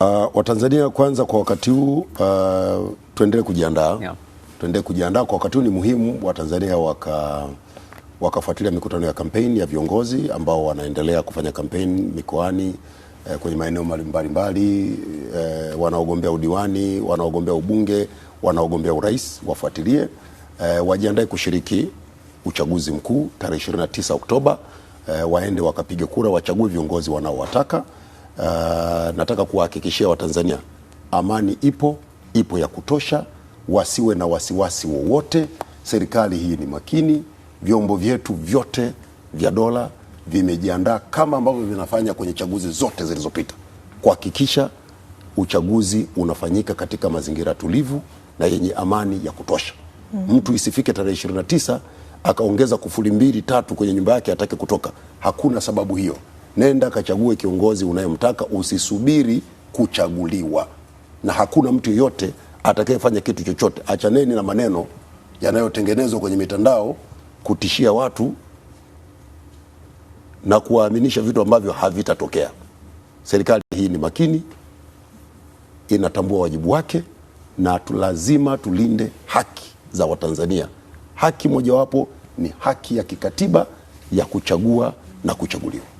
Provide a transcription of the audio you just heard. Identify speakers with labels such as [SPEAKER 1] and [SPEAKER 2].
[SPEAKER 1] Uh, Watanzania kwanza, kwa wakati huu uh, tuendelee kujiandaa yeah. Tuendelee kujiandaa kwa wakati huu, ni muhimu Watanzania waka wakafuatilia mikutano ya kampeni ya viongozi ambao wanaendelea kufanya kampeni mikoani, eh, kwenye maeneo mbalimbali eh, wanaogombea udiwani, wanaogombea ubunge, wanaogombea urais wafuatilie, eh, wajiandae kushiriki uchaguzi mkuu tarehe 29 Oktoba, eh, waende wakapige kura, wachague viongozi wanaowataka. Uh, nataka kuwahakikishia Watanzania amani ipo, ipo ya kutosha, wasiwe na wasiwasi wowote. Serikali hii ni makini, vyombo vyetu vyote vya dola vimejiandaa kama ambavyo vinafanya kwenye chaguzi zote zilizopita kuhakikisha uchaguzi unafanyika katika mazingira tulivu na yenye amani ya kutosha. Mm. Mtu isifike tarehe 29 akaongeza kufuli mbili tatu kwenye nyumba yake atake kutoka. Hakuna sababu hiyo nenda kachague kiongozi unayemtaka, usisubiri kuchaguliwa. Na hakuna mtu yoyote atakayefanya kitu chochote. Achaneni na maneno yanayotengenezwa kwenye mitandao kutishia watu na kuwaaminisha vitu ambavyo havitatokea. Serikali hii ni makini, inatambua wajibu wake, na lazima tulinde haki za Watanzania. Haki mojawapo ni haki ya kikatiba ya kuchagua na kuchaguliwa.